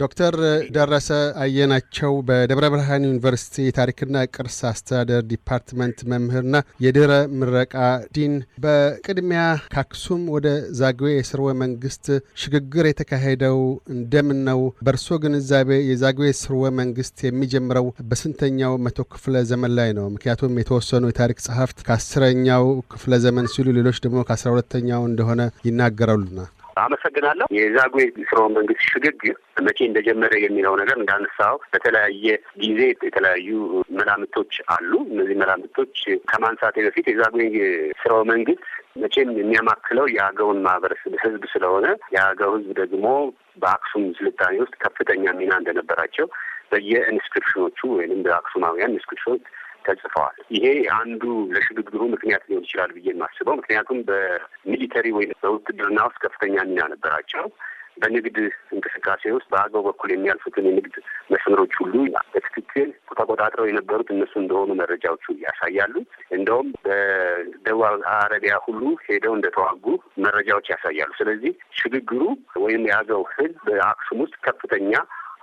ዶክተር ደረሰ አየናቸው በደብረ ብርሃን ዩኒቨርሲቲ የታሪክና ቅርስ አስተዳደር ዲፓርትመንት መምህርና የድረ ምረቃ ዲን፣ በቅድሚያ ካክሱም ወደ ዛግዌ የስርወ መንግስት ሽግግር የተካሄደው እንደምን ነው? በእርሶ ግንዛቤ የዛግዌ ስርወ መንግስት የሚጀምረው በስንተኛው መቶ ክፍለ ዘመን ላይ ነው? ምክንያቱም የተወሰኑ የታሪክ ጸሐፍት ከአስረኛው ክፍለ ዘመን ሲሉ ሌሎች ደግሞ ከአስራ ሁለተኛው እንደሆነ ይናገራሉና። አመሰግናለሁ። የዛጉዌ ስርወ መንግስት ሽግግር መቼ እንደጀመረ የሚለው ነገር እንዳነሳው በተለያየ ጊዜ የተለያዩ መላምቶች አሉ። እነዚህ መላምቶች ከማንሳቴ በፊት የዛጉዌ ስርወ መንግስት መቼም የሚያማክለው የአገውን ማህበረሰብ ህዝብ ስለሆነ የአገው ህዝብ ደግሞ በአክሱም ስልጣኔ ውስጥ ከፍተኛ ሚና እንደነበራቸው በየኢንስክሪፕሽኖቹ ወይም በአክሱማውያን ኢንስክሪፕሽኖች ተጽፈዋል። ይሄ አንዱ ለሽግግሩ ምክንያት ሊሆን ይችላል ብዬ የማስበው ምክንያቱም በሚሊተሪ ወይም በውትድርና ውስጥ ከፍተኛ ሚና ነበራቸው። በንግድ እንቅስቃሴ ውስጥ በአገው በኩል የሚያልፉትን የንግድ መስመሮች ሁሉ በትክክል ተቆጣጥረው የነበሩት እነሱ እንደሆኑ መረጃዎቹ ያሳያሉ። እንደውም በደቡብ አረቢያ ሁሉ ሄደው እንደተዋጉ መረጃዎች ያሳያሉ። ስለዚህ ሽግግሩ ወይም የአገው ሕዝብ በአክሱም ውስጥ ከፍተኛ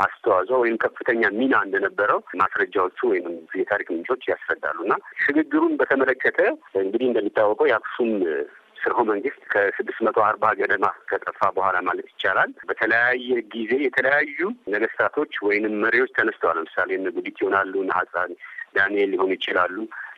አስተዋጽኦ ወይም ከፍተኛ ሚና እንደነበረው ማስረጃዎቹ ወይም የታሪክ ምንጮች ያስረዳሉ። እና ሽግግሩን በተመለከተ እንግዲህ እንደሚታወቀው የአክሱም ስርሆ መንግስት ከስድስት መቶ አርባ ገደማ ከጠፋ በኋላ ማለት ይቻላል በተለያየ ጊዜ የተለያዩ ነገስታቶች ወይንም መሪዎች ተነስተዋል። ለምሳሌ እነ ጉዲት ይሆናሉ፣ እነ ዳንኤል ሊሆኑ ይችላሉ።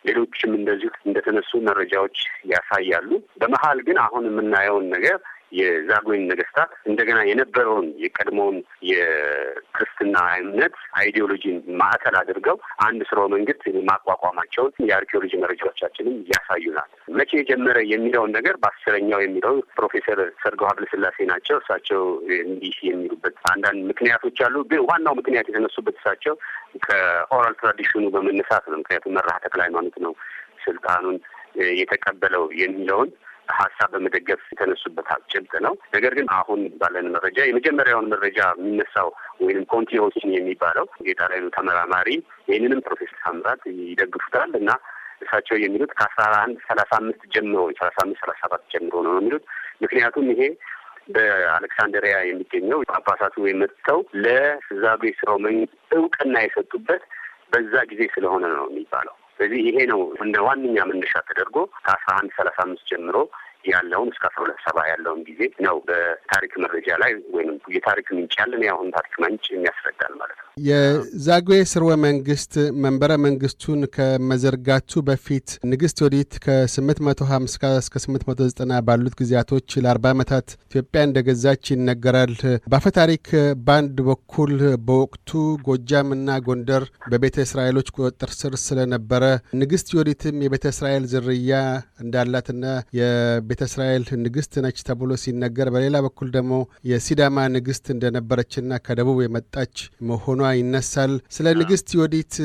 ሌሎችም እንደዚሁ እንደተነሱ መረጃዎች ያሳያሉ። በመሀል ግን አሁን የምናየውን ነገር የዛጉዌን ነገስታት እንደገና የነበረውን የቀድሞውን የክርስትና እምነት አይዲዮሎጂን ማዕከል አድርገው አንድ ስርወ መንግስት ማቋቋማቸውን የአርኪኦሎጂ መረጃዎቻችንም ያሳዩናል። መቼ ጀመረ የሚለውን ነገር በአስረኛው የሚለው ፕሮፌሰር ሰርገው ብልስላሴ ናቸው። እሳቸው እንዲህ የሚሉበት አንዳንድ ምክንያቶች አሉ። ግን ዋናው ምክንያት የተነሱበት እሳቸው ከኦራል ትራዲሽኑ በመነሳት ነው። ምክንያቱም መራህ ተክለ ሃይማኖት ነው ስልጣኑን የተቀበለው የሚለውን ሀሳብ በመደገፍ የተነሱበት ጭብጥ ነው። ነገር ግን አሁን ባለን መረጃ የመጀመሪያውን መረጃ የሚነሳው ወይም ኮንቲኒዎችን የሚባለው የጣሊያኑ ተመራማሪ ይህንንም ፕሮፌሰር ታምራት ይደግፉታል እና እሳቸው የሚሉት ከአስራ አንድ ሰላሳ አምስት ጀምሮ ሰላሳ አምስት ሰላሳ ሰባት ጀምሮ ነው የሚሉት ምክንያቱም ይሄ በአሌክሳንድሪያ የሚገኘው ጳጳሳቱ የመጥተው ለዛጉዌ ሥርወ መንግስት እውቅና የሰጡበት በዛ ጊዜ ስለሆነ ነው የሚባለው ስለዚህ ይሄ ነው እንደ ዋነኛ መነሻ ተደርጎ ከአስራ አንድ ሰላሳ አምስት ጀምሮ ያለውን እስከ አስራ ሁለት ሰባ ያለውን ጊዜ ነው በታሪክ መረጃ ላይ ወይም የታሪክ ምንጭ ያለን የአሁን ታሪክ ምንጭ የሚያስረዳል ማለት ነው። የዛጉዌ ስርወ መንግስት መንበረ መንግስቱን ከመዘርጋቱ በፊት ንግስት ወዲት ከ850 እስከ 890 ባሉት ጊዜያቶች ለ40 ዓመታት ኢትዮጵያ እንደገዛች ይነገራል። በአፈታሪክ ታሪክ በአንድ በኩል በወቅቱ ጎጃምና ጎንደር በቤተ እስራኤሎች ቁጥጥር ስር ስለነበረ ንግስት ወዲትም የቤተ እስራኤል ዝርያ እንዳላትና የቤተ እስራኤል ንግስት ነች ተብሎ ሲነገር፣ በሌላ በኩል ደግሞ የሲዳማ ንግስት እንደነበረችና ከደቡብ የመጣች መሆኑ መሆኗ ይነሳል። ስለ ንግሥት ዮዲት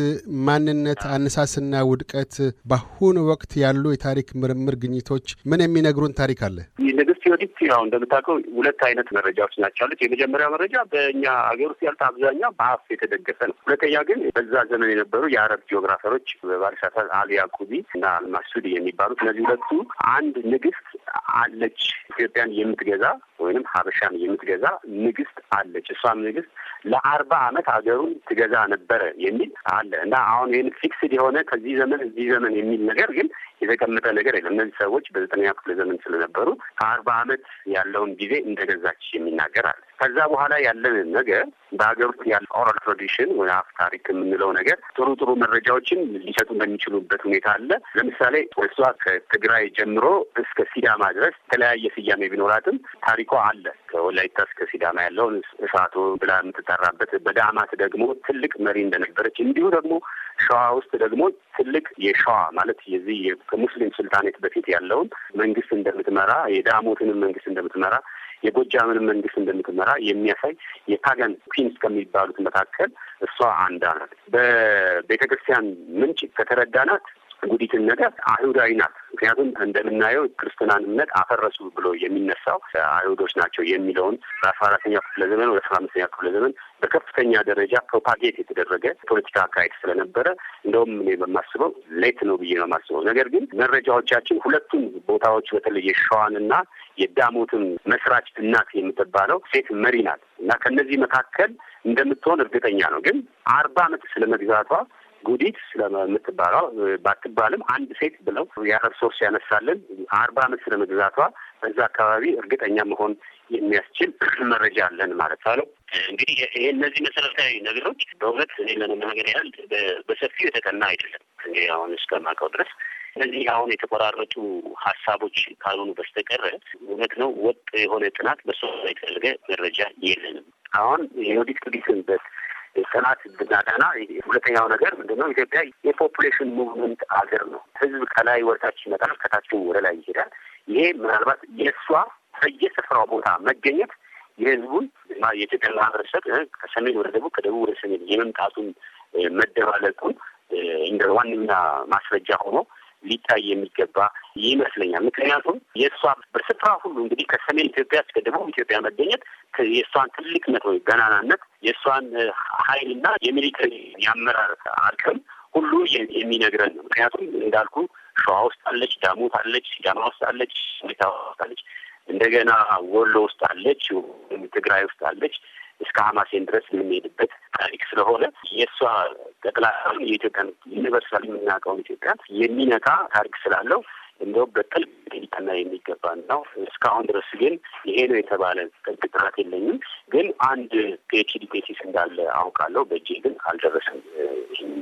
ማንነት አነሳስና ውድቀት በአሁኑ ወቅት ያሉ የታሪክ ምርምር ግኝቶች ምን የሚነግሩን ታሪክ አለ? ንግሥት ዮዲት ያው እንደምታውቀው ሁለት አይነት መረጃዎች ናቸው ያሉት። የመጀመሪያ መረጃ በእኛ ሀገር ውስጥ ያሉት አብዛኛው በአፍ የተደገፈ ነው። ሁለተኛ ግን በዛ ዘመን የነበሩ የአረብ ጂኦግራፈሮች በባሪሳታ አልያቁቢ እና አልማሱዲ የሚባሉት እነዚህ ሁለቱ አንድ ንግሥት አለች። ኢትዮጵያን የምትገዛ ወይም ሀበሻን የምትገዛ ንግስት አለች። እሷም ንግስት ለአርባ ዓመት ሀገሩን ትገዛ ነበረ የሚል አለ እና አሁን ይህን ፊክስድ የሆነ ከዚህ ዘመን እዚህ ዘመን የሚል ነገር ግን የተቀመጠ ነገር የለም። እነዚህ ሰዎች በዘጠነኛ ክፍለ ዘመን ስለነበሩ ከአርባ ዓመት ያለውን ጊዜ እንደገዛች የሚናገር አለ። ከዛ በኋላ ያለን ነገር በሀገር ውስጥ ያለ ኦራል ትራዲሽን ወይ አፍ ታሪክ የምንለው ነገር ጥሩ ጥሩ መረጃዎችን ሊሰጡ በሚችሉበት ሁኔታ አለ። ለምሳሌ እሷ ከትግራይ ጀምሮ እስከ ሲዳማ ድረስ የተለያየ ስያሜ ቢኖራትም ታሪኳ አለ። ከወላይታ እስከ ሲዳማ ያለውን እሳቱ ብላ የምትጠራበት፣ በዳማት ደግሞ ትልቅ መሪ እንደነበረች እንዲሁ ደግሞ ሸዋ ውስጥ ደግሞ ትልቅ የሸዋ ማለት የዚህ ከሙስሊም ስልጣኔት በፊት ያለውን መንግስት እንደምትመራ የዳሞትንም መንግስት እንደምትመራ የጎጃምን መንግስት እንደምትመራ የሚያሳይ የፓጋን ኩንስ ከሚባሉት መካከል እሷ አንዷ ናት። በቤተ ክርስቲያን ምንጭ ከተረዳናት ጉዲትን ነገር አይሁዳዊ ናት። ምክንያቱም እንደምናየው ክርስትናን እምነት አፈረሱ ብሎ የሚነሳው አይሁዶች ናቸው የሚለውን በአስራ አራተኛው ክፍለ ዘመን ወደ አስራ አምስተኛው ክፍለ ዘመን በከፍተኛ ደረጃ ፕሮፓጌት የተደረገ ፖለቲካ አካሄድ ስለነበረ እንደውም እኔ በማስበው ሌት ነው ብዬ ነው የማስበው። ነገር ግን መረጃዎቻችን ሁለቱም ቦታዎች በተለይ የሸዋንና የዳሞትን መስራች እናት የምትባለው ሴት መሪ ናት እና ከእነዚህ መካከል እንደምትሆን እርግጠኛ ነው። ግን አርባ አመት ስለመግዛቷ ጉዲት ስለምትባለው ባትባልም አንድ ሴት ብለው የአረብ ሶርስ ያነሳልን አርባ አመት ስለመግዛቷ በዛ አካባቢ እርግጠኛ መሆን የሚያስችል መረጃ አለን ማለት አለው። እንግዲህ ይሄ እነዚህ መሰረታዊ ነገሮች በእውነት እኔ ለመናገር ያህል በሰፊው የተጠና አይደለም። እንግዲህ አሁን እስከማውቀው ድረስ እነዚህ አሁን የተቆራረጡ ሀሳቦች ካልሆኑ በስተቀረ እውነት ነው ወጥ የሆነ ጥናት በሶ የተደረገ መረጃ የለንም። አሁን የወዲት ጉዲትን ጥናት ብናጠና ሁለተኛው ነገር ምንድነው? ኢትዮጵያ የፖፑሌሽን ሙቭመንት አገር ነው። ህዝብ ከላይ ወደታች ይመጣል፣ ከታችም ወደ ላይ ይሄዳል። ይሄ ምናልባት የእሷ በየስፍራው ቦታ መገኘት የህዝቡን የኢትዮጵያ ማህበረሰብ ከሰሜን ወደ ደቡብ፣ ከደቡብ ወደ ሰሜን የመምጣቱን መደባለቁን እንደ ዋነኛ ማስረጃ ሆኖ ሊታይ የሚገባ ይመስለኛል። ምክንያቱም የእሷ በስፍራ ሁሉ እንግዲህ ከሰሜን ኢትዮጵያ እስከ ደቡብ ኢትዮጵያ መገኘት የእሷን ትልቅነት ወይ ገናናነት የእሷን ኃይልና የሚሊተሪ የአመራር አቅም ሁሉ የሚነግረን ነው። ምክንያቱም እንዳልኩ ሸዋ ውስጥ አለች፣ ዳሞት አለች፣ ሲዳማ ውስጥ አለች፣ ሁኔታ ውስጥ አለች፣ እንደገና ወሎ ውስጥ አለች፣ ትግራይ ውስጥ አለች እስከ ሀማሴን ድረስ የምንሄድበት ታሪክ ስለሆነ የእሷ ጠቅላላ የኢትዮጵያን ዩኒቨርሳል የምናውቀውን ኢትዮጵያን የሚነካ ታሪክ ስላለው እንደውም በጥልቅ ሊጠና የሚገባ ነው። እስካሁን ድረስ ግን ይሄ ነው የተባለ ጥልቅ ጥናት የለኝም። ግን አንድ ፒኤችዲ ቴሲስ እንዳለ አውቃለሁ። በእጄ ግን አልደረሰም። ይህን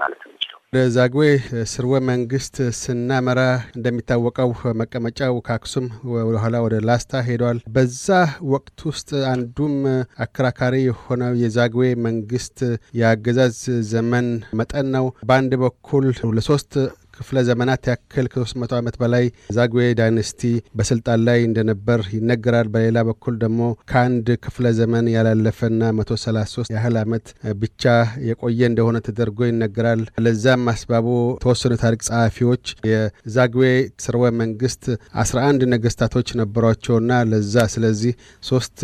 ማለት ነው ወደ ዛግዌ ስርወ መንግስት ስናመራ እንደሚታወቀው መቀመጫው ከአክሱም ወደኋላ ወደ ላስታ ሄዷል። በዛ ወቅት ውስጥ አንዱም አከራካሪ የሆነው የዛግዌ መንግስት የአገዛዝ ዘመን መጠን ነው። በአንድ በኩል ለሶስት ክፍለ ዘመናት ያክል ከ መቶ ዓመት በላይ ዛግዌ ዳይነስቲ በስልጣን ላይ እንደነበር ይነገራል። በሌላ በኩል ደግሞ ከአንድ ክፍለ ዘመን ያላለፈና 133 ያህል ዓመት ብቻ የቆየ እንደሆነ ተደርጎ ይነገራል። ለዛም አስባቡ ተወሰኑ ታሪክ ጸሐፊዎች የዛግዌ ስርወ መንግስት 11 ነገስታቶች ነበሯቸውና ለዛ ስለዚህ ሶስት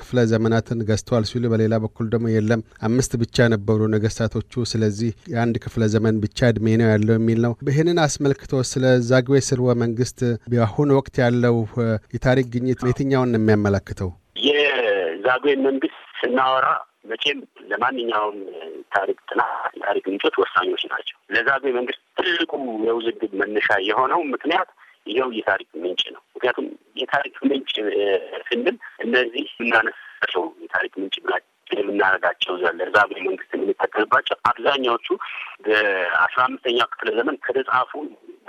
ክፍለ ዘመናትን ገዝተዋል ሲሉ፣ በሌላ በኩል ደግሞ የለም አምስት ብቻ ነበሩ ነገስታቶቹ ስለዚህ የአንድ ክፍለ ዘመን ብቻ እድሜ ነው ያለው የሚል ነው። ይህንን አስመልክቶ ስለ ዛግዌ ስርወ መንግስት በአሁን ወቅት ያለው የታሪክ ግኝት የትኛውን ነው የሚያመላክተው? የዛግዌ መንግስት ስናወራ መቼም ለማንኛውም ታሪክ ጥናት የታሪክ ምንጮች ወሳኞች ናቸው። ለዛግዌ መንግስት ትልቁ የውዝግብ መነሻ የሆነው ምክንያት ይኸው የታሪክ ምንጭ ነው። ምክንያቱም የታሪክ ምንጭ ስንል እነዚህ የምናነሳቸው የታሪክ ምንጭ ብላ የምናደርጋቸው ዘንድ ዛብ መንግስት የምንጠቀምባቸው አብዛኛዎቹ በአስራ አምስተኛው ክፍለ ዘመን ከተጻፉ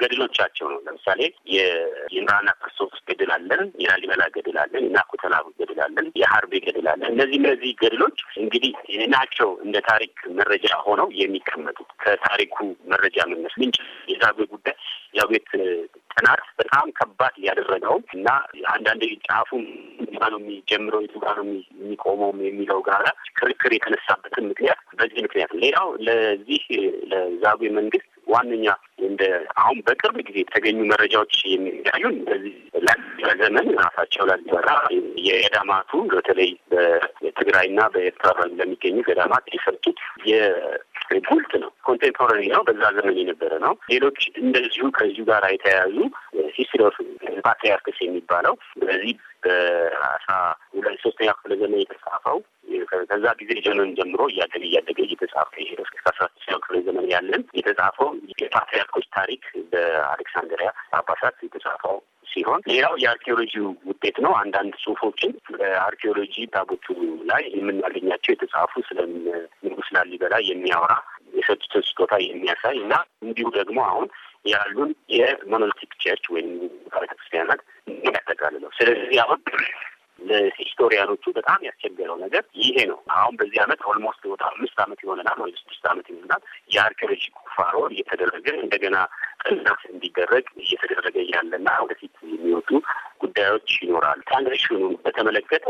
ገድሎቻቸው ነው። ለምሳሌ የኢምራና ክርስቶስ ገድል አለን፣ የላሊበላ ገድል አለን፣ የናኩተላ ገድል አለን፣ የሀርቤ ገድል አለን። እነዚህ እነዚህ ገድሎች እንግዲህ ናቸው እንደ ታሪክ መረጃ ሆነው የሚቀመጡት ከታሪኩ መረጃ መነስ ምንጭ የዛቤ ጉዳይ ያቤት ጥናት በጣም ከባድ ያደረገው እና አንዳንድ ጫፉ ጋ ነው የሚጀምረው የቱ ጋ ነው የሚቆመው የሚለው ጋር ክርክር የተነሳበትን ምክንያት በዚህ ምክንያት ሌላው ለዚህ ለዛጉዌ መንግስት ዋነኛ እንደ አሁን በቅርብ ጊዜ የተገኙ መረጃዎች የሚያዩን በዚህ ላሊበላ ዘመን ራሳቸው ላሊበላ የገዳማቱ በተለይ በትግራይና በኤርትራ ለሚገኙ ገዳማት የሰጡት ስትሬት ሁልት ነው። ኮንቴምፖራሪ ነው። በዛ ዘመን የነበረ ነው። ሌሎች እንደዚሁ ከዚሁ ጋር የተያያዙ ሂስትሪ ኦፍ ፓትሪያርክስ የሚባለው በዚህ በአስራ ሁለት ሶስተኛ ክፍለ ዘመን የተጻፈው ከዛ ጊዜ ጀኖን ጀምሮ እያደገ እያደገ እየተጻፈ ይሄ እስከ አስራ ሶስተኛ ክፍለ ዘመን ያለን የተጻፈው የፓትሪያርኮች ታሪክ በአሌክሳንድሪያ አባሳት የተጻፈው ሲሆን ሌላው የአርኪኦሎጂ ውጤት ነው። አንዳንድ ጽሁፎችን በአርኪኦሎጂ ታቦቹ ላይ የምናገኛቸው የተጻፉ ስለ ንጉስ ላሊበላ የሚያወራ የሰጡትን ስጦታ የሚያሳይ እና እንዲሁ ደግሞ አሁን ያሉን የሞኖሊቲክ ቸርች ወይም ቤተክርስቲያናት ያጠቃልለው። ስለዚህ አሁን ለሂስቶሪያኖቹ በጣም ያስቸገረው ነገር ይሄ ነው። አሁን በዚህ አመት ኦልሞስት ወደ አምስት አመት ይሆነናል ወይ ስድስት አመት ይሆናል የአርኪኦሎጂ ቁፋሮ እየተደረገ እንደገና ጥናት እንዲደረግ እየተደረገ ያለና ወደፊት የሚወጡ ጉዳዮች ይኖራል። ትራንዚሽኑ በተመለከተ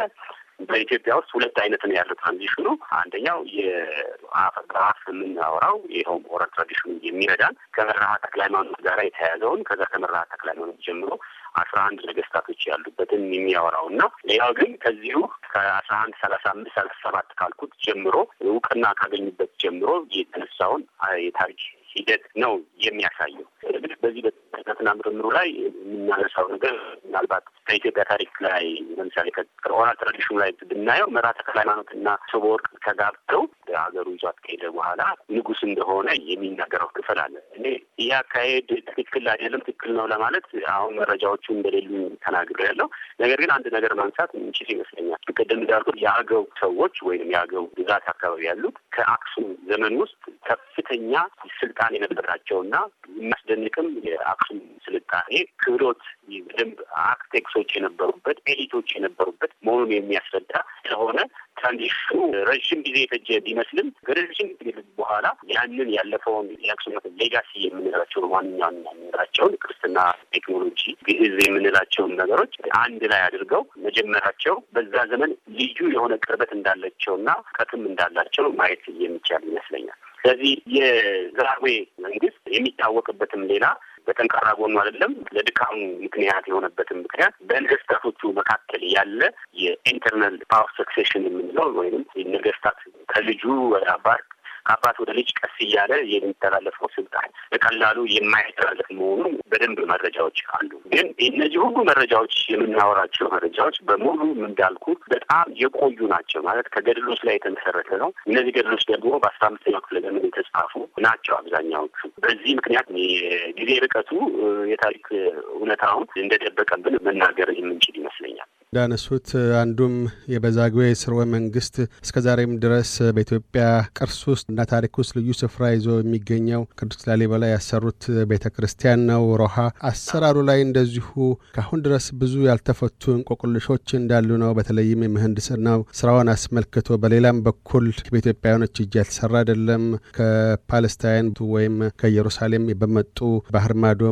በኢትዮጵያ ውስጥ ሁለት አይነት ነው ያለው ትራንዚሽኑ። አንደኛው የራፍ የምናወራው ይኸውም ኦረል ትራዲሽኑ የሚረዳን ከመራሃ ተክለ ጋር የተያያዘውን ከዛ ከመራሃ ተክለ ጀምሮ አስራ አንድ ነገስታቶች ያሉበትን የሚያወራው እና ሌላው ግን ከዚሁ ከአስራ አንድ ሰላሳ አምስት ሰላሳ ሰባት ካልኩት ጀምሮ እውቅና ካገኙበት ጀምሮ የተነሳውን የታሪክ ሂደት ነው የሚያሳየው። እርግጥ በዚህ በጥናትና ምርምሩ ላይ የምናነሳው ነገር ምናልባት ከኢትዮጵያ ታሪክ ላይ ለምሳሌ ከኦራል ትራዲሽኑ ላይ ብናየው መራተ ሃይማኖትና ሰቦወርቅ ተጋብተው ሀገሩ ይዟት ከሄደ በኋላ ንጉስ እንደሆነ የሚናገረው ክፍል አለ። እኔ ይህ አካሄድ ትክክል አይደለም፣ ትክክል ነው ለማለት አሁን መረጃዎቹ እንደሌሉ ተናግሬ ያለው ነገር ግን አንድ ነገር ማንሳት ምንችል ይመስለኛል። ቅድም እንዳልኩት የአገው ሰዎች ወይም የአገው ግዛት አካባቢ ያሉት ከአክሱም ዘመን ውስጥ ከፍተኛ ስልጣን የነበራቸውና የሚያስደንቅም የአክሱም ስልጣኔ ክህሎት በደንብ አርክቴክሶች የነበሩበት ኤሊቶች የነበሩበት መሆኑን የሚያስረዳ ስለሆነ ትራንዚሽኑ ረዥም ጊዜ የፈጀ ቢመስልም ከረዥም ጊዜ በኋላ ያንን ያለፈውን የአክሱም ሌጋሲ የምንላቸው ዋንኛውን የምንላቸውን ክርስትና፣ ቴክኖሎጂ፣ ግዕዝ የምንላቸውን ነገሮች አንድ ላይ አድርገው መጀመራቸው በዛ ዘመን ልዩ የሆነ ቅርበት እንዳለቸው እንዳላቸውና ቀትም እንዳላቸው ማየት የሚቻል ይመስለኛል። ስለዚህ የዛዌ መንግስት የሚታወቅበትም ሌላ በጠንካራ ጎኑ አይደለም ለድካሙ ምክንያት የሆነበትን ምክንያት በነገስታቶቹ መካከል ያለ የኢንተርናል ፓወር ሰክሴሽን የምንለው ወይም ነገስታት ከልጁ ወደ አባት ከአባት ወደ ልጅ ቀስ እያለ የሚተላለፈው ስልጣን በቀላሉ የማይተላለፍ መሆኑ በደንብ መረጃዎች አሉ። ግን እነዚህ ሁሉ መረጃዎች የምናወራቸው መረጃዎች በሙሉ እንዳልኩ በጣም የቆዩ ናቸው። ማለት ከገድሎች ላይ የተመሰረተ ነው። እነዚህ ገድሎች ደግሞ በአስራ አምስተኛው ክፍለ ዘመን የተጻፉ ናቸው አብዛኛዎቹ። በዚህ ምክንያት የጊዜ ርቀቱ የታሪክ እውነታውን እንደደበቀብን መናገር የምንችል ይመስለኛል። እንዳነሱት አንዱም የበዛጉዌ ስርወ መንግስት እስከዛሬም ድረስ በኢትዮጵያ ቅርስ ውስጥ እና ታሪክ ውስጥ ልዩ ስፍራ ይዞ የሚገኘው ቅዱስ ላሊበላ ያሰሩት ቤተ ክርስቲያን ነው። ሮሃ አሰራሩ ላይ እንደዚሁ ከአሁን ድረስ ብዙ ያልተፈቱ እንቆቅልሾች እንዳሉ ነው። በተለይም የምህንድስናው ስራውን አስመልክቶ፣ በሌላም በኩል በኢትዮጵያውያኖች እጅ ያልተሰራ አይደለም። ከፓለስታይን ወይም ከኢየሩሳሌም በመጡ ባህር ማዶ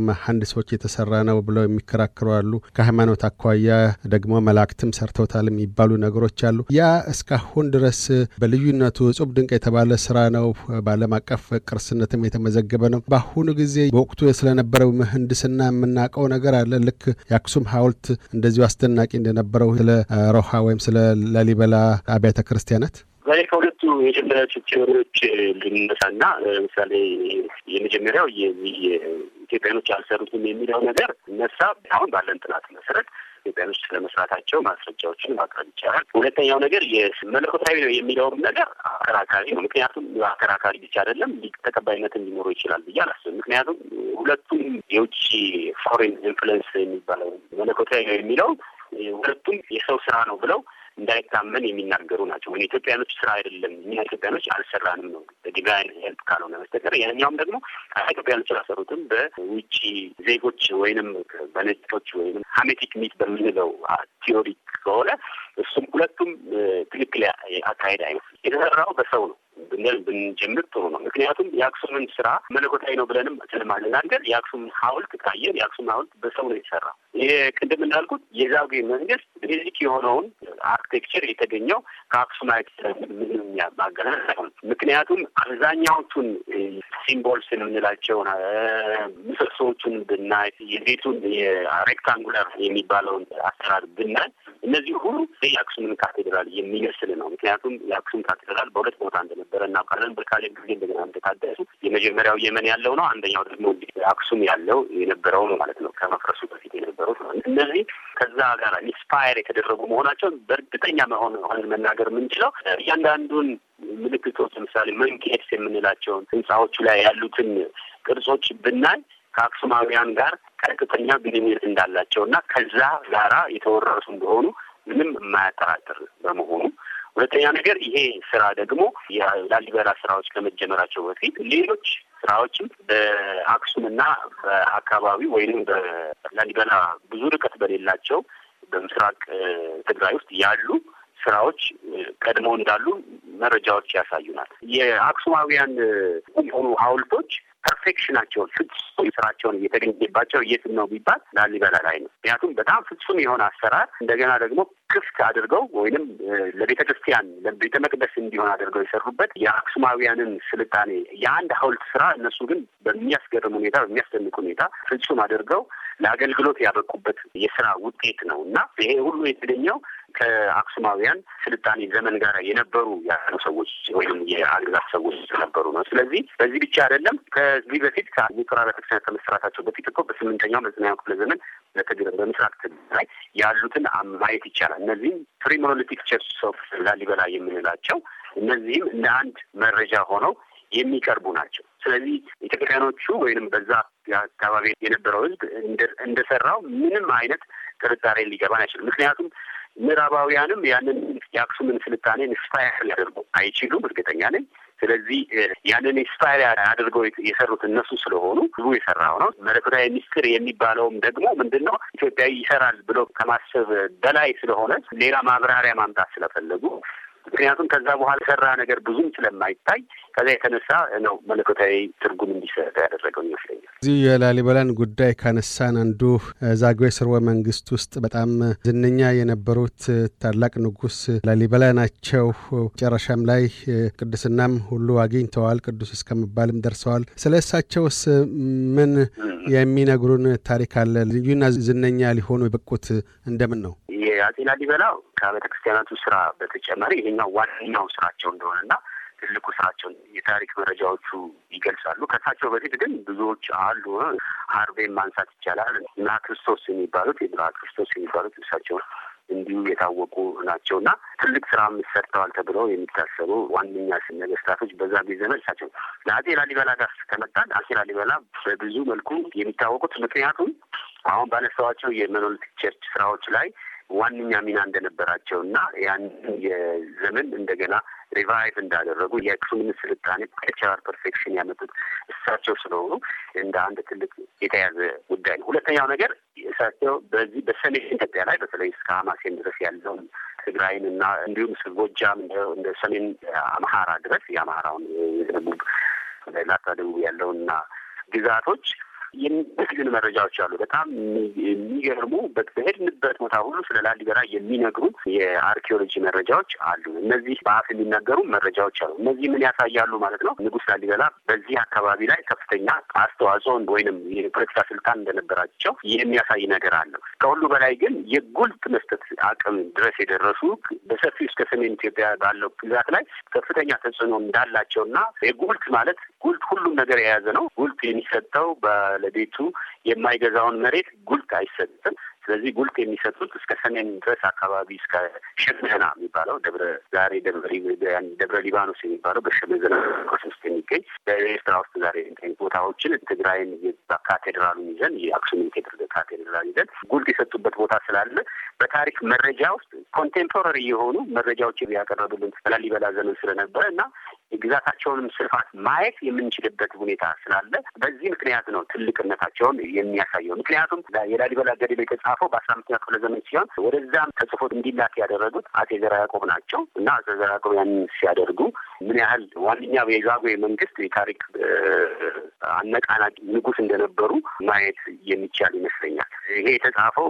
የተሰራ ነው ብለው የሚከራከሩ አሉ። ከሃይማኖት አኳያ ደግሞ መላእክትም ሰርተውታል የሚባሉ ነገሮች አሉ። ያ እስካሁን ድረስ በልዩነቱ እጹብ ድንቅ የተባለ ስራ ነው። በዓለም አቀፍ ቅርስነትም የተመዘገበ ነው። በአሁኑ ጊዜ በወቅቱ ስለነበረው ምህንድስና የምናውቀው ነገር አለ። ልክ የአክሱም ሐውልት እንደዚሁ አስደናቂ እንደነበረው ስለ ሮሃ ወይም ስለ ላሊበላ አብያተ ክርስቲያናት ዛሬ ከሁለቱ የመጀመሪያዎቹ ቲዎሪዎች ልነሳና ለምሳሌ የመጀመሪያው የኢትዮጵያኖች አልሰሩትም የሚለው ነገር ነሳ። አሁን ባለን ጥናት መሰረት ኢትዮጵያን ውስጥ ስለመስራታቸው ማስረጃዎችን ማቅረብ ይቻላል። ሁለተኛው ነገር የመለኮታዊ ነው የሚለውም ነገር አከራካሪ ነው። ምክንያቱም አከራካሪ ብቻ አይደለም ተቀባይነት ሊኖረው ይችላል ብዬ አላስብም። ምክንያቱም ሁለቱም የውጭ ፎሬን ኢንፍሉዌንስ የሚባለው መለኮታዊ ነው የሚለው ሁለቱም የሰው ስራ ነው ብለው እንዳይታመን የሚናገሩ ናቸው። ወይ ኢትዮጵያኖች ስራ አይደለም እኛ ኢትዮጵያኖች አልሰራንም ነው በዲቫይን ሄልፕ ካልሆነ በስተቀር ያኛውም ደግሞ ኢትዮጵያኖች አልሰሩትም በውጭ ዜጎች ወይንም በነጮች ወይም ሀሜቲክ ሚት በምንለው ቲዮሪ ከሆነ እሱም ሁለቱም ትክክል አካሄድ አይመስል የተሰራው በሰው ነው ብለን ብንጀምር ጥሩ ነው። ምክንያቱም የአክሱምን ስራ መለኮታዊ ነው ብለንም ስለማንናገር የአክሱም ሐውልት ካየን የአክሱም ሐውልት በሰው ነው የተሰራ። ይሄ ቅድም እንዳልኩት የዛጉ መንግስት ቤዚክ የሆነውን አርክቴክቸር የተገኘው ከአክሱም ምንም ማገናዘብ አይሆንም። ምክንያቱም አብዛኛዎቹን ሲምቦልስ የምንላቸውን ምሰሶዎቹን ብናይ የቤቱን የሬክታንጉላር የሚባለውን አሰራር ብናይ እነዚህ ሁሉ የአክሱምን ካቴድራል የሚመስል ነው። ምክንያቱም የአክሱም ካቴድራል በሁለት ቦታ እንደነበረ እናውቃለን። በካሌብ ጊዜ እንደገና እንደታደሱ የመጀመሪያው የመን ያለው ነው። አንደኛው ደግሞ አክሱም ያለው የነበረው ነው ማለት ነው። ከመፍረሱ በፊት የነበሩት ነው። እነዚህ ከዛ ጋር ኢንስፓየር የተደረጉ መሆናቸውን በእርግጠኛ መሆን መናገር የምንችለው እያንዳንዱን ምልክቶች ለምሳሌ መንኬድስ የምንላቸውን ህንፃዎቹ ላይ ያሉትን ቅርጾች ብናይ ከአክሱማውያን ጋር ቀጥተኛ ግንኙነት እንዳላቸው እና ከዛ ጋራ የተወረሱ እንደሆኑ ምንም የማያጠራጥር በመሆኑ ሁለተኛ ነገር ይሄ ስራ ደግሞ የላሊበላ ስራዎች ከመጀመራቸው በፊት ሌሎች ስራዎችም በአክሱምና በአካባቢ ወይም በላሊበላ ብዙ ርቀት በሌላቸው በምስራቅ ትግራይ ውስጥ ያሉ ስራዎች ቀድሞ እንዳሉ መረጃዎች ያሳዩናል። የአክሱማውያን የሆኑ ሀውልቶች ፐርፌክሽናቸውን ፍጹም ስራቸውን እየተገኘባቸው የት ነው የሚባል ላሊበላ ላይ ነው። ምክንያቱም በጣም ፍጹም የሆነ አሰራር እንደገና ደግሞ ክፍት አድርገው ወይንም ለቤተ ክርስቲያን ለቤተ መቅደስ እንዲሆን አድርገው የሰሩበት የአክሱማውያንን ስልጣኔ የአንድ ሀውልት ስራ እነሱ ግን በሚያስገርም ሁኔታ በሚያስደንቅ ሁኔታ ፍጹም አድርገው ለአገልግሎት ያበቁበት የስራ ውጤት ነው እና ይሄ ሁሉ የተገኘው ከአክሱማውያን ስልጣኔ ዘመን ጋር የነበሩ ያሉ ሰዎች ወይም የአግዛት ሰዎች ነበሩ ነው። ስለዚህ በዚህ ብቻ አይደለም። ከዚህ በፊት ውቅራ ቤተክርስቲያን ከመሰራታቸው በፊት እኮ በስምንተኛው መጽናኛው ክፍለ ዘመን በምስራቅ ትግር ላይ ያሉትን ማየት ይቻላል። እነዚህም ፕሪሞኖሊቲክ ቸርች ኦፍ ላሊበላ የምንላቸው እነዚህም እንደ አንድ መረጃ ሆነው የሚቀርቡ ናቸው። ስለዚህ ኢትዮጵያኖቹ ወይንም በዛ አካባቢ የነበረው ህዝብ እንደሰራው ምንም አይነት ጥርጣሬ ሊገባን አይችልም። ምክንያቱም ምዕራባውያንም ያንን የአክሱምን ስልጣኔ ኢንስፓየር ሊያደርጉ አይችሉም፣ እርግጠኛ ነኝ። ስለዚህ ያንን ኢንስፓየር አድርገው የሰሩት እነሱ ስለሆኑ ብዙ የሰራው ነው። መለኮታዊ ሚስጥር የሚባለውም ደግሞ ምንድን ነው? ኢትዮጵያዊ ይሰራል ብሎ ከማሰብ በላይ ስለሆነ ሌላ ማብራሪያ ማምጣት ስለፈለጉ ምክንያቱም ከዛ በኋላ የሰራ ነገር ብዙም ስለማይታይ ከዚያ የተነሳ ነው መለኮታዊ ትርጉም እንዲሰጥ ያደረገው ይመስለኛል። እዚህ የላሊበላን ጉዳይ ካነሳን አንዱ ዛጉዌ ስርወ መንግስት ውስጥ በጣም ዝነኛ የነበሩት ታላቅ ንጉስ ላሊበላ ናቸው። መጨረሻም ላይ ቅድስናም ሁሉ አግኝተዋል፣ ቅዱስ እስከመባልም ደርሰዋል። ስለ እሳቸውስ ምን የሚነግሩን ታሪክ አለ? ልዩና ዝነኛ ሊሆኑ የበቁት እንደምን ነው? የአፄ ላሊበላ ከቤተክርስቲያናቱ ስራ በተጨማሪ ይሄኛው ዋነኛው ስራቸው እንደሆነና ትልቁ ስራቸውን የታሪክ መረጃዎቹ ይገልጻሉ። ከሳቸው በፊት ግን ብዙዎች አሉ። ሀርቬን ማንሳት ይቻላል እና ክርስቶስ የሚባሉት የድራ ክርስቶስ የሚባሉት እሳቸው እንዲሁ የታወቁ ናቸው እና ትልቅ ስራ ሰርተዋል ተብለው የሚታሰቡ ዋነኛ ነገስታቶች በዛ ጊዜ ዘመን እሳቸው ለአጼ ላሊበላ ጋር ከመጣን አጼ ላሊበላ በብዙ መልኩ የሚታወቁት ምክንያቱም አሁን ባነሳዋቸው የመኖሊቲክ ቸርች ስራዎች ላይ ዋነኛ ሚና እንደነበራቸው እና ያን የዘመን እንደገና ሪቫይቭ እንዳደረጉ የክሱምን ስልጣኔ ከቻር ፐርፌክሽን ያመጡት እሳቸው ስለሆኑ እንደ አንድ ትልቅ የተያዘ ጉዳይ ነው። ሁለተኛው ነገር እሳቸው በዚህ በሰሜን ኢትዮጵያ ላይ በተለይ እስከ ሀማሴን ድረስ ያለውን ትግራይን እና እንዲሁም ስ ጎጃም እንደ ሰሜን አምሃራ ድረስ የአምሃራውን ደቡብ ላታ ደቡብ ያለውና ግዛቶች የሚነግሩን መረጃዎች አሉ። በጣም የሚገርሙ በሄድንበት ቦታ ሁሉ ስለ ላሊበላ የሚነግሩ የአርኪኦሎጂ መረጃዎች አሉ። እነዚህ በአፍ የሚነገሩ መረጃዎች አሉ። እነዚህ ምን ያሳያሉ ማለት ነው? ንጉስ ላሊበላ በዚህ አካባቢ ላይ ከፍተኛ አስተዋጽኦ ወይንም የፖለቲካ ስልጣን እንደነበራቸው የሚያሳይ ነገር አለው። ከሁሉ በላይ ግን የጉልት መስጠት አቅም ድረስ የደረሱ በሰፊው እስከ ሰሜን ኢትዮጵያ ባለው ግዛት ላይ ከፍተኛ ተጽዕኖ እንዳላቸውና የጉልት ማለት ጉልት ሁሉም ነገር የያዘ ነው። ጉልት የሚሰጠው ባለቤቱ የማይገዛውን መሬት ጉልት አይሰጥም። ስለዚህ ጉልት የሚሰጡት እስከ ሰሜን ድረስ አካባቢ እስከ ሸመዘና የሚባለው ደብረ ዛሬ ደብረ ሊባኖስ የሚባለው በሸመዘና ቅርስ ውስጥ የሚገኝ በኤርትራ ውስጥ ዛሬ የሚገኝ ቦታዎችን ትግራይን ካቴድራሉን ይዘን የአክሱምን ካቴድራል ይዘን ጉልት የሰጡበት ቦታ ስላለ በታሪክ መረጃ ውስጥ ኮንቴምፖራሪ የሆኑ መረጃዎች ያቀረቡልን በላሊበላ ዘመን ስለነበረ እና የግዛታቸውንም ስፋት ማየት የምንችልበት ሁኔታ ስላለ በዚህ ምክንያት ነው ትልቅነታቸውን የሚያሳየው። ምክንያቱም የላሊበላ ገድል የተጻፈው በአስራ አምስተኛው ክፍለ ዘመን ሲሆን ወደዛም ተጽፎ እንዲላክ ያደረጉት አጼ ዘርዓ ያዕቆብ ናቸው እና አጼ ዘርዓ ያዕቆብ ያንን ሲያደርጉ ምን ያህል ዋነኛው የዛጉዌ መንግስት የታሪክ አነቃናቂ ንጉስ እንደነበሩ ማየት የሚቻል ይመስለኛል። ይሄ የተጻፈው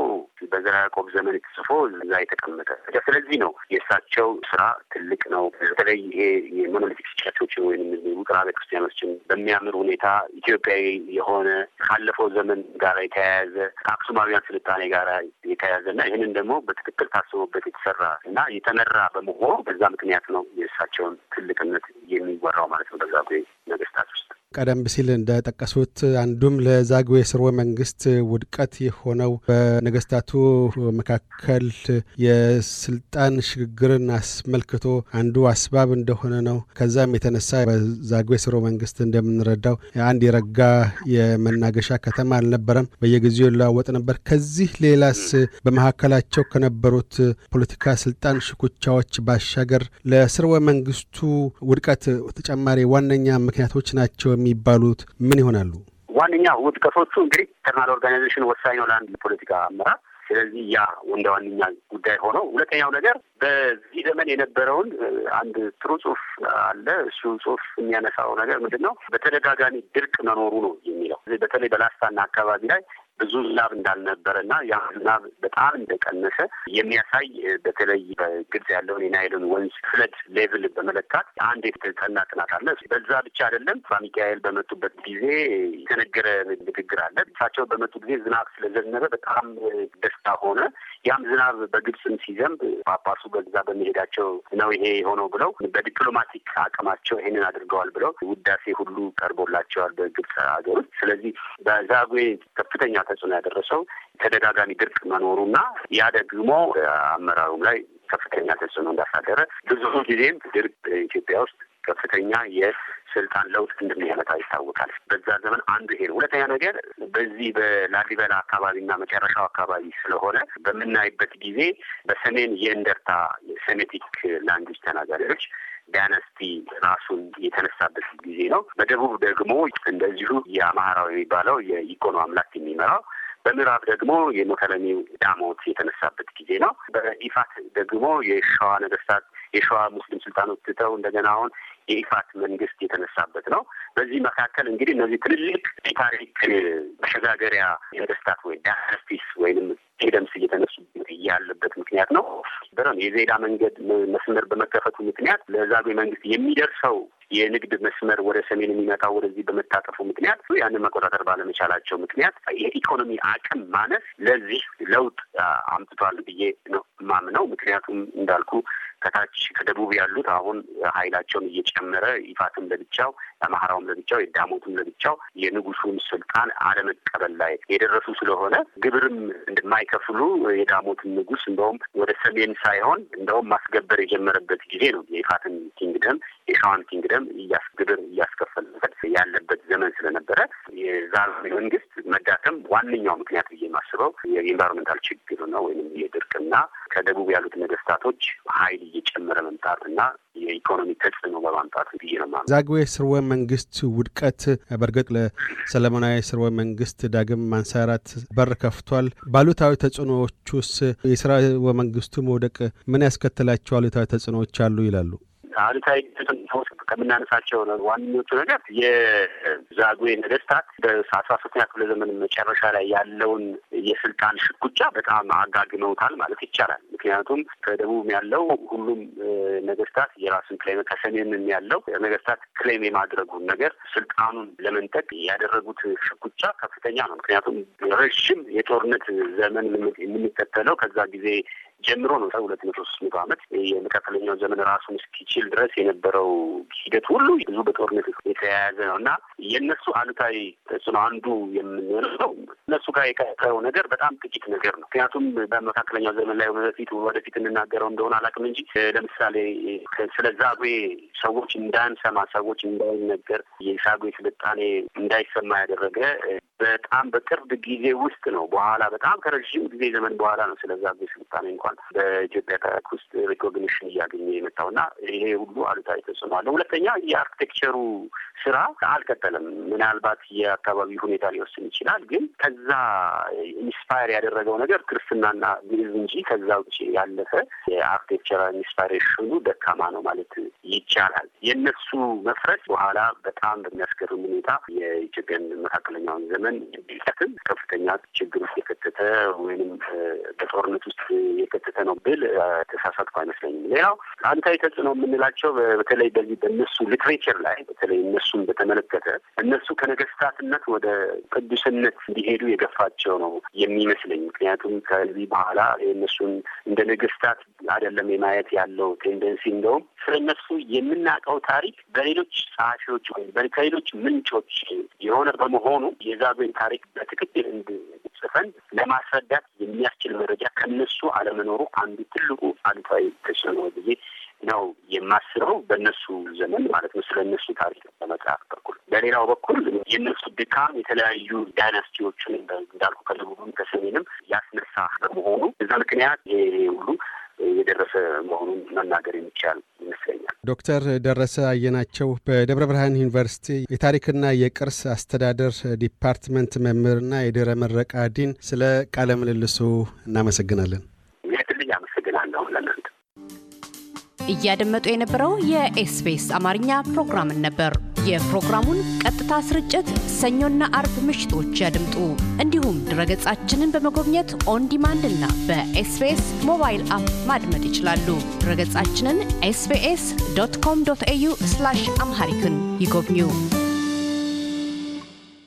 በዘርዓ ያዕቆብ ዘመን ተጽፎ እዛ የተቀመጠ ስለዚህ ነው የእሳቸው ስራ ትልቅ ነው። በተለይ ይሄ የሞኖሊቲክ ቸርቾችን ወይም ውቅራቤተ ክርስቲያኖችን በሚያምር ሁኔታ ኢትዮጵያዊ የሆነ ካለፈው ዘመን ጋር የተያያዘ ከአክሱማዊያን ስልጣኔ ጋር የተያያዘ እና ይህንን ደግሞ በትክክል ታስቦበት የተሰራ እና የተመራ በመሆኑ በዛ ምክንያት ነው የእሳቸውን ትልቅነት የሚወራው ማለት ነው በዛ ነገስታት ቀደም ሲል እንደጠቀሱት አንዱም ለዛግዌ ስርወ መንግስት ውድቀት የሆነው በነገስታቱ መካከል የስልጣን ሽግግርን አስመልክቶ አንዱ አስባብ እንደሆነ ነው። ከዛም የተነሳ በዛግዌ ስርወ መንግስት እንደምንረዳው አንድ የረጋ የመናገሻ ከተማ አልነበረም፣ በየጊዜው ይለዋወጥ ነበር። ከዚህ ሌላስ በመካከላቸው ከነበሩት ፖለቲካ ስልጣን ሽኩቻዎች ባሻገር ለስርወ መንግስቱ ውድቀት ተጨማሪ ዋነኛ ምክንያቶች ናቸው የሚባሉት ምን ይሆናሉ? ዋነኛ ውጥቀቶቹ እንግዲህ ኢንተርናል ኦርጋናይዜሽን ወሳኝ ነው ለአንድ የፖለቲካ አመራር። ስለዚህ ያ እንደ ዋነኛ ጉዳይ ሆነው፣ ሁለተኛው ነገር በዚህ ዘመን የነበረውን አንድ ጥሩ ጽሁፍ አለ። እሱ ጽሁፍ የሚያነሳው ነገር ምንድን ነው? በተደጋጋሚ ድርቅ መኖሩ ነው የሚለው። በተለይ በላስታና አካባቢ ላይ ብዙ ዝናብ እንዳልነበረ እና ያ ዝናብ በጣም እንደቀነሰ የሚያሳይ በተለይ በግብጽ ያለውን የናይልን ወንዝ ፍለድ ሌቭል በመለካት አንድ የተጠና ጥናት አለ። በዛ ብቻ አይደለም። ሚካኤል በመጡበት ጊዜ የተነገረ ንግግር አለ። እሳቸው በመጡ ጊዜ ዝናብ ስለዘነበ በጣም ደስታ ሆነ። ያም ዝናብ በግብፅም ሲዘንብ ጳጳሱ በዛ በመሄዳቸው ነው ይሄ የሆነው ብለው በዲፕሎማቲክ አቅማቸው ይሄንን አድርገዋል ብለው ውዳሴ ሁሉ ቀርቦላቸዋል በግብፅ ሀገር ውስጥ። ስለዚህ በዛጉዌ ከፍተኛ ተጽዕኖ ያደረሰው ተደጋጋሚ ድርቅ መኖሩና ያ ደግሞ አመራሩም ላይ ከፍተኛ ተጽዕኖ እንዳሳደረ ብዙ ጊዜም ድርቅ ኢትዮጵያ ውስጥ ከፍተኛ የ ስልጣን ለውጥ እንደሚያመጣ ይታወቃል። በዛ ዘመን አንዱ ይሄ ነው። ሁለተኛ ነገር በዚህ በላሊበላ አካባቢና መጨረሻው አካባቢ ስለሆነ በምናይበት ጊዜ በሰሜን የእንደርታ ሴሜቲክ ላንጉጅ ተናጋሪዎች ዳይነስቲ ራሱን የተነሳበት ጊዜ ነው። በደቡብ ደግሞ እንደዚሁ የአማራዊ የሚባለው የኢኮኖ አምላክ የሚመራው በምዕራብ ደግሞ የሞተለሜው ዳሞት የተነሳበት ጊዜ ነው። በኢፋት ደግሞ የሸዋ ነገስታት የሸዋ ሙስሊም ስልጣኖች ትተው እንደገና አሁን የኢፋት መንግስት የተነሳበት ነው። በዚህ መካከል እንግዲህ እነዚህ ትልልቅ የታሪክ መሸጋገሪያ ኢንቨስታት ወይ ዳያስቲስ ወይንም ሄደምስ እየተነሱ ያለበት ምክንያት ነው። በጣም የዜዳ መንገድ መስመር በመከፈቱ ምክንያት ለዛጉዌ መንግስት የሚደርሰው የንግድ መስመር ወደ ሰሜን የሚመጣው ወደዚህ በመታጠፉ ምክንያት ያንን መቆጣጠር ባለመቻላቸው ምክንያት የኢኮኖሚ አቅም ማነስ ለዚህ ለውጥ አምጥቷል ብዬ ነው ማምነው። ምክንያቱም እንዳልኩ ከታች ከደቡብ ያሉት አሁን ኃይላቸውን እየጨመረ ይፋትም ለብቻው፣ የአማራውም ለብቻው፣ የዳሞትም ለብቻው የንጉሱን ስልጣን አለመቀበል ላይ የደረሱ ስለሆነ ግብርም እንደማይከፍሉ የዳሞትን ንጉስ እንደውም ወደ ሰሜን ሳይሆን እንደውም ማስገበር የጀመረበት ጊዜ ነው የይፋትን ኪንግደም የሻዋንቲን ግደም ግብር እያስከፈልበት ያለበት ዘመን ስለነበረ የዛር መንግስት መዳከም ዋነኛው ምክንያት ብዬ የማስበው የኢንቫይሮንመንታል ችግር ነው ወይም የድርቅና ከደቡብ ያሉት ነገስታቶች ሀይል እየጨመረ መምጣትና የኢኮኖሚ ተጽዕኖ በማምጣት ብዬ ነው ማለት። ዛግዌ ስርወ መንግስት ውድቀት በእርግጥ ለሰለሞናዊ ስርወ መንግስት ዳግም ማንሰራራት በር ከፍቷል። ባሉታዊ ተጽዕኖዎች ተጽዕኖዎቹስ የስርወ መንግስቱ መውደቅ ምን ያስከትላቸው አሉታዊ ተጽዕኖዎች አሉ ይላሉ? አሉታዊ ከምናነሳቸው ዋነኞቹ ነገር የዛጉዌ ነገስታት በአስራ ሶስተኛ ክፍለ ዘመን መጨረሻ ላይ ያለውን የስልጣን ሽኩቻ በጣም አጋግመውታል ማለት ይቻላል። ምክንያቱም ከደቡብ ያለው ሁሉም ነገስታት የራሱን ክሌም፣ ከሰሜንም ያለው ነገስታት ክሌም የማድረጉን ነገር ስልጣኑን ለመንጠቅ ያደረጉት ሽኩቻ ከፍተኛ ነው። ምክንያቱም ረዥም የጦርነት ዘመን የምንከተለው ከዛ ጊዜ ጀምሮ ነው ሁለት መቶ ሶስት መቶ ዓመት የመካከለኛው ዘመን ራሱን እስኪችል ድረስ የነበረው ሂደት ሁሉ ብዙ በጦርነት የተያያዘ ነው እና የእነሱ አሉታዊ ተጽዕኖ አንዱ የምንለው እነሱ ጋር የቀረው ነገር በጣም ጥቂት ነገር ነው። ምክንያቱም በመካከለኛው ዘመን ላይ ወደፊት ወደፊት እንናገረው እንደሆነ አላውቅም እንጂ ለምሳሌ ስለ ዛጉዌ ሰዎች እንዳንሰማ ሰዎች እንዳይነገር የዛጉዌ ስልጣኔ እንዳይሰማ ያደረገ በጣም በቅርብ ጊዜ ውስጥ ነው። በኋላ በጣም ከረዥም ጊዜ ዘመን በኋላ ነው ስለዛ ስልጣኔ እንኳን በኢትዮጵያ ታሪክ ውስጥ ሪኮግኒሽን እያገኘ የመጣውና ይሄ ሁሉ አሉታዊ ተጽዕኖ ሁለተኛ የአርክቴክቸሩ ስራ አልቀጠለም። ምናልባት የአካባቢ ሁኔታ ሊወስን ይችላል። ግን ከዛ ኢንስፓየር ያደረገው ነገር ክርስትናና ግዕዝ እንጂ ከዛ ውጭ ያለፈ የአርክቴክቸር ኢንስፓይሬሽኑ ደካማ ነው ማለት ይቻላል። የእነሱ መፍረስ በኋላ በጣም በሚያስገርም ሁኔታ የኢትዮጵያን መካከለኛውን ዘመን ዘመን ቢቀጥል ከፍተኛ ችግር ውስጥ የከተተ ወይንም በጦርነት ውስጥ የከተተ ነው ብል ተሳሳትኩ አይመስለኝም። ሌላው አሉታዊ ተጽዕኖ የምንላቸው በተለይ በዚህ በእነሱ ሊትሬቸር ላይ በተለይ እነሱን በተመለከተ እነሱ ከነገስታትነት ወደ ቅዱስነት እንዲሄዱ የገፋቸው ነው የሚመስለኝ። ምክንያቱም ከዚህ በኋላ እነሱን እንደ ነገስታት አይደለም የማየት ያለው ቴንደንሲ፣ እንደውም ስለ እነሱ የምናውቀው ታሪክ በሌሎች ጸሐፊዎች ወይም ከሌሎች ምንጮች የሆነ በመሆኑ የዛጉዌን ታሪክ በትክክል ጽፈን ለማስረዳት የሚያስችል መረጃ ከነሱ አለመኖሩ አንዱ ትልቁ አሉታዊ ተጽዕኖ ጊዜ ነው የማስበው። በእነሱ ዘመን ማለት ነው፣ ስለ እነሱ ታሪክ በመጽሐፍ በኩል በሌላው በኩል የእነሱ ድካም የተለያዩ ዳይናስቲዎችን እንዳልኩ ከደቡብም ከሰሜንም ያስነሳ በመሆኑ እዛ ምክንያት ይሄ ሁሉ የደረሰ መሆኑን መናገር የሚቻል ይመስለኛል። ዶክተር ደረሰ አየናቸው በደብረ ብርሃን ዩኒቨርሲቲ የታሪክና የቅርስ አስተዳደር ዲፓርትመንት መምህርና የድረ ምረቃ ዲን፣ ስለ ቃለ ምልልሱ እናመሰግናለን። እያደመጡ የነበረው የኤስቢኤስ አማርኛ ፕሮግራምን ነበር። የፕሮግራሙን ቀጥታ ስርጭት ሰኞና አርብ ምሽቶች ያድምጡ። እንዲሁም ድረገጻችንን በመጎብኘት ኦን ዲማንድ እና በኤስቢኤስ ሞባይል አፕ ማድመጥ ይችላሉ። ድረገጻችንን ኤስቢኤስ ዶት ኮም ዶት ኤዩ አምሃሪክን ይጎብኙ።